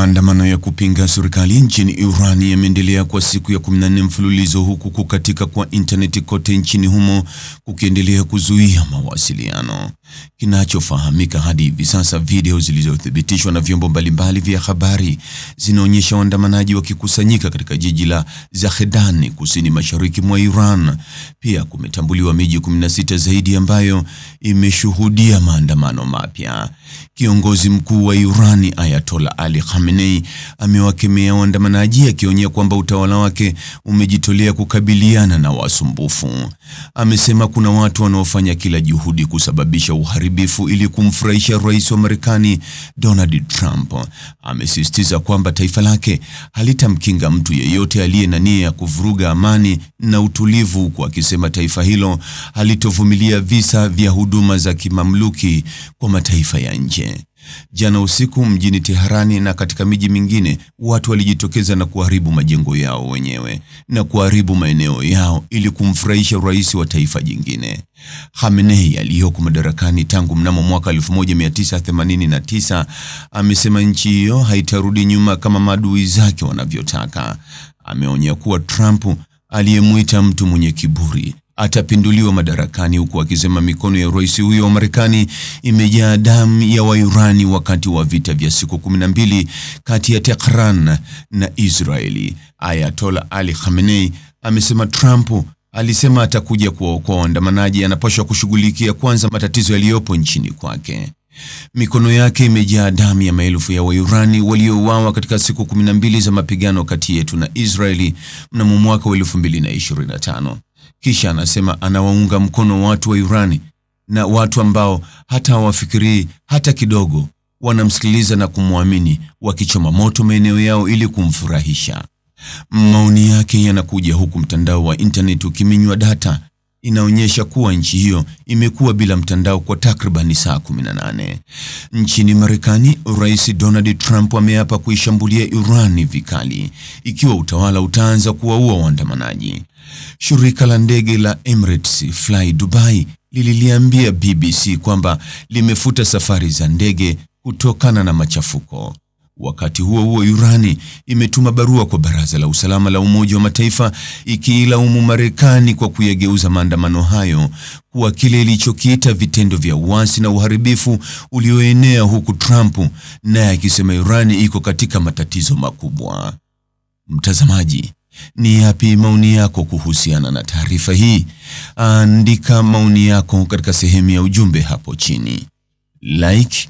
Maandamano ya kupinga serikali nchini Iran yameendelea kwa siku ya 14 mfululizo huku kukatika kwa intaneti kote nchini humo kukiendelea kuzuia mawasiliano. Kinachofahamika hadi hivi sasa, video zilizothibitishwa na vyombo mbalimbali vya habari zinaonyesha waandamanaji wakikusanyika katika jiji la Zahedani kusini mashariki mwa Iran. Pia kumetambuliwa miji 16 zaidi ambayo imeshuhudia maandamano mapya. Kiongozi mkuu wa Irani Ayatollah Ali Khamenei amewakemea waandamanaji, akionya kwamba utawala wake umejitolea kukabiliana na wasumbufu. Amesema kuna watu wanaofanya kila juhudi kusababisha uharibifu ili kumfurahisha rais wa Marekani Donald Trump. Amesisitiza kwamba taifa lake halitamkinga mtu yeyote aliye na nia ya kuvuruga amani na utulivu, huku akisema taifa hilo halitovumilia visa vya huduma za kimamluki kwa mataifa ya nje. Jana usiku mjini Teherani na katika miji mingine, watu walijitokeza na kuharibu majengo yao wenyewe na kuharibu maeneo yao ili kumfurahisha rais wa taifa jingine. Khamenei aliyoko madarakani tangu mnamo mwaka 1989 amesema nchi hiyo haitarudi nyuma kama maadui zake wanavyotaka. Ameonya kuwa Trump aliyemwita mtu mwenye kiburi atapinduliwa madarakani, huku akisema mikono ya rais huyo wa Marekani imejaa damu ya Wairani wakati wa vita vya siku 12 kati ya Tehran na Israeli. Ayatollah Ali Khamenei amesema Trump alisema atakuja kuwaokoa waandamanaji, anapaswa kushughulikia kwanza matatizo yaliyopo nchini kwake. Mikono yake imejaa damu ya maelfu ya Wairani waliouawa katika siku 12 za mapigano kati yetu na Israeli mnamo mwaka wa 2025. Kisha anasema anawaunga mkono watu wa Irani na watu ambao hata hawafikirii hata kidogo, wanamsikiliza na kumwamini, wakichoma moto maeneo yao ili kumfurahisha. Maoni yake yanakuja huku mtandao wa intaneti ukiminywa data inaonyesha kuwa nchi hiyo imekuwa bila mtandao kwa takribani saa 18. Nchini Marekani, Rais Donald Trump ameapa kuishambulia Irani vikali ikiwa utawala utaanza kuwaua waandamanaji. Shirika la ndege la Emirates Fly Dubai lililiambia BBC kwamba limefuta safari za ndege kutokana na machafuko. Wakati huo huo, Irani imetuma barua kwa Baraza la Usalama la Umoja wa Mataifa ikiilaumu Marekani kwa kuyageuza maandamano hayo kuwa kile ilichokiita vitendo vya uasi na uharibifu ulioenea, huku Trump naye akisema Irani iko katika matatizo makubwa. Mtazamaji, ni yapi maoni yako kuhusiana na taarifa hii? Andika maoni yako katika sehemu ya ujumbe hapo chini. Like,